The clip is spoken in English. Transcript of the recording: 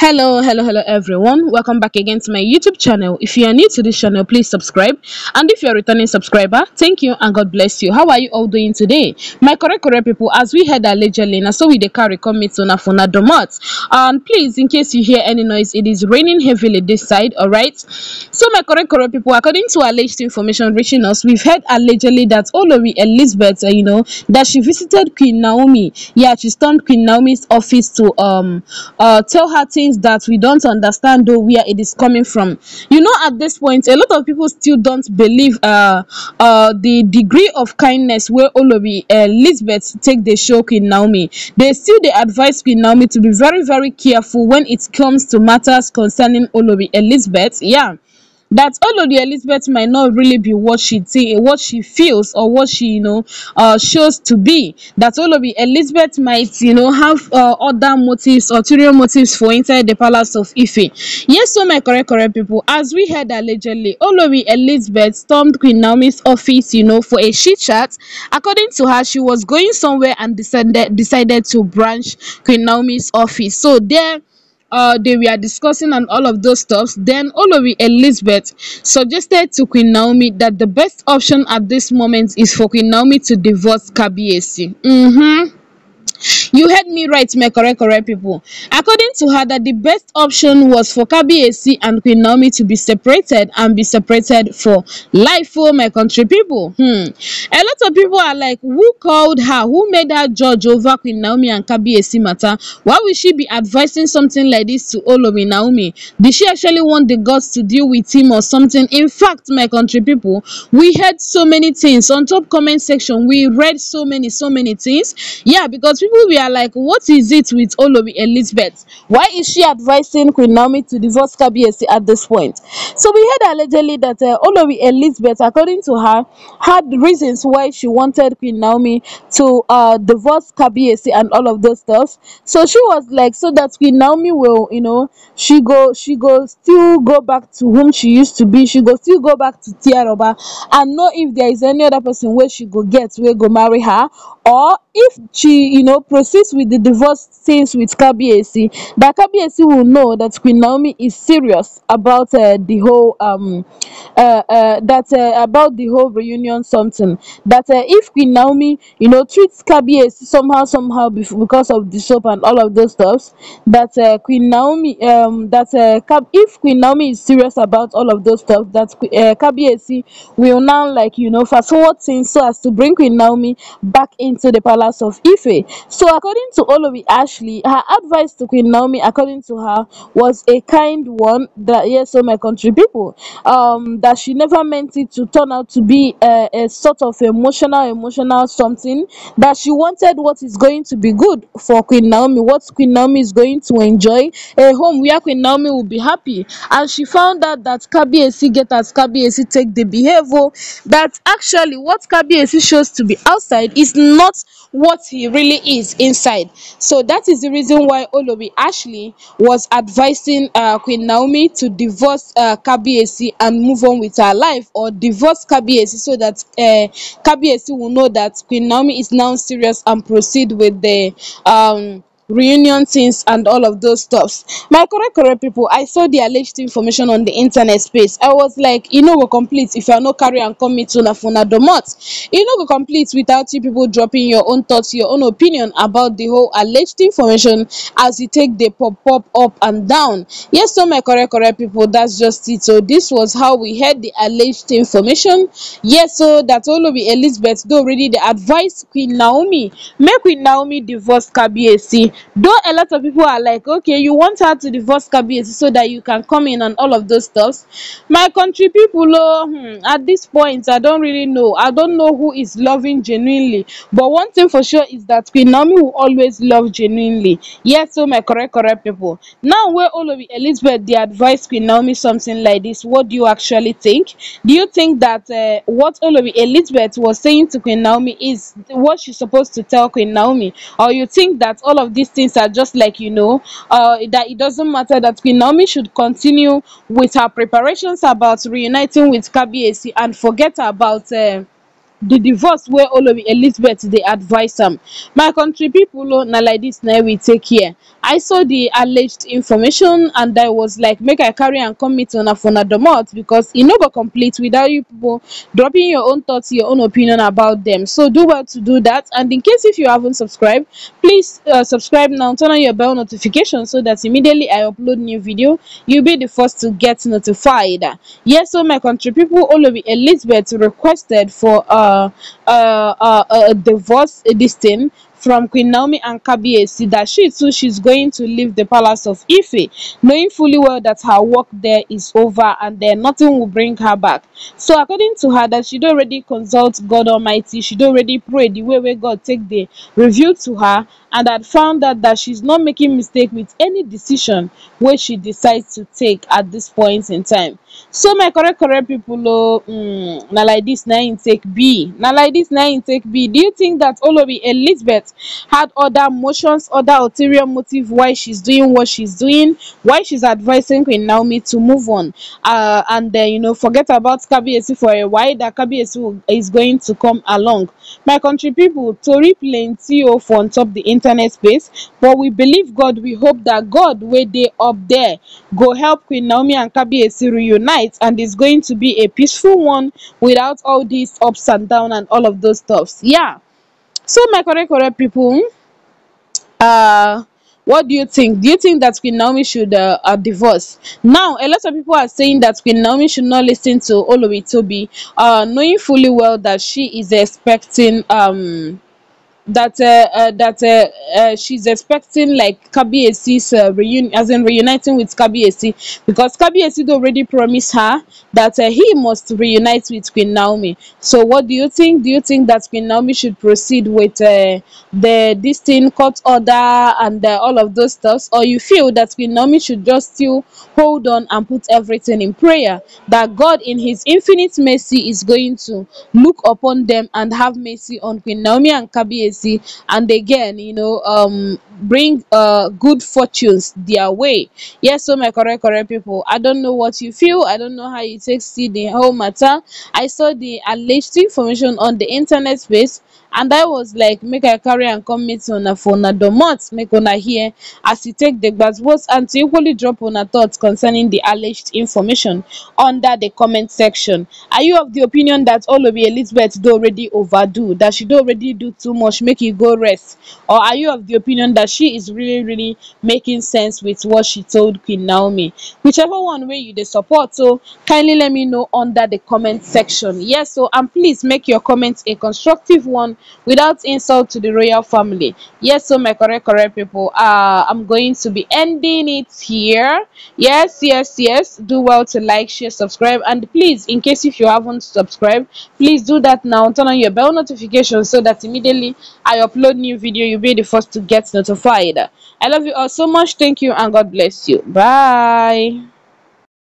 hello hello hello everyone welcome back again to my youtube channel if you are new to this channel please subscribe and if you're a returning subscriber thank you and god bless you how are you all doing today my correct correct people as we head allegedly now so we the carry come meet on a domot and please in case you hear any noise it is raining heavily this side all right so my correct correct people according to alleged information reaching us we've heard allegedly that olori elizabeth uh, you know that she visited queen naomi yeah she stormed queen naomi's office to um uh tell her things things that we don't understand though where it is coming from you know at this point a lot of people still don't believe uh uh the degree of kindness where olobi uh, elizabeth take the show queen naomi they still they advise queen naomi to be very very careful when it comes to matters concerning olobi elizabeth yeah that oh the Elizabeth might not really be what she think, what she feels, or what she you know uh, shows to be. That Olori oh Elizabeth might you know have uh, other motives, ulterior motives for inside the palace of Ife. Yes, so oh my correct correct people, as we heard allegedly, Olori Elizabeth stormed Queen Naomi's office you know for a shit chat. According to her, she was going somewhere and decided decided to branch Queen Naomi's office. So there uh, they were discussing and all of those stuffs, then Olori Elizabeth suggested to Queen Naomi that the best option at this moment is for Queen Naomi to divorce Kabiesi. Mm-hmm. You heard me right, my correct, correct people. According to her, that the best option was for Kabi and Queen Naomi to be separated and be separated for life for oh, my country people. Hmm. A lot of people are like, who called her? Who made her judge over Queen Naomi and Kabi matter? Why would she be advising something like this to Olomi Naomi? Did she actually want the gods to deal with him or something? In fact, my country people, we heard so many things. On top comment section, we read so many, so many things. Yeah, because people were are like, what is it with Olobi Elizabeth? Why is she advising Queen Naomi to divorce KBSC at this point? So we heard allegedly that uh, Olobi Elizabeth, according to her, had reasons why she wanted Queen Naomi to uh, divorce KBSC and all of those stuff. So she was like, so that Queen Naomi will, you know, she go, she go still go back to whom she used to be. She go still go back to Tiaroba and know if there is any other person where she go get, where go marry her or if she you know proceeds with the divorce things with kabiesi that kabiesi will know that queen naomi is serious about uh, the whole um uh, uh that uh, about the whole reunion something that uh, if queen naomi you know treats kabiesi somehow somehow because of the soap and all of those stuffs that uh, queen naomi um that uh, if queen naomi is serious about all of those stuff that uh, will now like you know fast forward things so as to bring queen naomi back into the palace House of Ife. So, according to Olobi Ashley, her advice to Queen Naomi, according to her, was a kind one that, yes, so my country people, um, that she never meant it to turn out to be a, uh, a sort of emotional, emotional something, that she wanted what is going to be good for Queen Naomi, what Queen Naomi is going to enjoy, a home where Queen Naomi will be happy. And she found out that KBAC get as KBAC take the behavior, that actually what KBAC shows to be outside is not what he really is inside. So that is the reason why Olobi Ashley was advising uh, Queen Naomi to divorce uh, Kabiesi and move on with her life or divorce Kabiesi so that uh, Kabiesi will know that Queen Naomi is now serious and proceed with the um reunion things and all of those stuffs my correct correct people i saw the alleged information on the internet space i was like you know we complete if you're not carry and come to una domot you know we complete without you people dropping your own thoughts your own opinion about the whole alleged information as you take the pop pop up and down yes so my correct correct people that's just it so this was how we heard the alleged information yes so that of elizabeth though already the advice queen naomi make queen naomi divorce kabiesi Though a lot of people are like, okay, you want her to divorce Kabiyesi so that you can come in and all of those stuffs. My country people, oh, hmm, at this point, I don't really know. I don't know who is loving genuinely. But one thing for sure is that Queen Naomi will always love genuinely. Yes, so oh, my correct, correct people. Now, where all of Elizabeth, the advice Queen Naomi something like this, what do you actually think? Do you think that uh, what all of Elizabeth was saying to Queen Naomi is what she's supposed to tell Queen Naomi? Or you think that all of this these things are just like you know uh, that it doesn't matter that Queen Naomi should continue with her preparations about reuniting with Kabiesi and forget about uh, the divorce all olori elizabeth They advise them. my country people oh, now like this. Now we take here i saw the alleged information and i was like make i carry and commit on a phone una domot becos e no go complete without you people dropping your own thoughts your own opinion about them. so do well to do that. and in case if you haven't subscribed please uh, subscribe now turn on your bell notification so that immediately i upload new video you be the first to get notified yes so my country people all olori elizabeth requested for uh, uh, uh, uh, uh divorce uh, this thing from Queen Naomi and Kabiesi that she too she's going to leave the palace of Ife, knowing fully well that her work there is over and then nothing will bring her back. So according to her, that she'd already consult God Almighty, she'd already prayed the way where God take the review to her and had found out that she's not making mistake with any decision where she decides to take at this point in time. So my correct correct people, oh, mm, now like this, now intake B, now like this, now intake B. Do you think that all of Elizabeth had other motions other ulterior motive why she's doing what she's doing why she's advising queen naomi to move on uh, and then you know forget about kabiyesi for a while that kabiyesi is going to come along my country people tori plenty of on top the internet space but we believe god we hope that god where they up there go help queen naomi and kabiyesi reunite and it's going to be a peaceful one without all these ups and down and all of those stuffs yeah so my correct correct people uh what do you think do you think that queen naomi should uh, uh, divorce now a lot of people are saying that queen naomi should not listen to olori toby uh knowing fully well that she is expecting um that uh, uh, that uh, uh she's expecting like KBAC's uh, reunion, as in reuniting with KBAC, because KBAC already promised her that uh, he must reunite with Queen Naomi. So, what do you think? Do you think that Queen Naomi should proceed with the this thing, court order, and all of those stuffs, or you feel that Queen Naomi should just still hold on and put everything in prayer that God, in His infinite mercy, is going to look upon them and have mercy on Queen Naomi and KBAC? and again you know um bring uh good fortunes their way yes so oh my correct correct people i don't know what you feel i don't know how you take see the whole matter i saw the alleged information on the internet space and i was like make i carry and come meet una for una domot make una hear as you take dey words and to equally drop una thoughts concerning the alleged information under the comment section are you of the opinion that olobi elizabeth do already overdo that she do already do too much make you go rest or are you of the opinion that she is really really making sense with what she told queen naomi whichever one way you the support so kindly let me know under the comment section yes so and please make your comments a constructive one without insult to the royal family yes so my correct correct people uh i'm going to be ending it here yes yes yes do well to like share subscribe and please in case if you haven't subscribed please do that now turn on your bell notification so that immediately i upload new video you'll be the first to get notified i love you all so much thank you and god bless you bye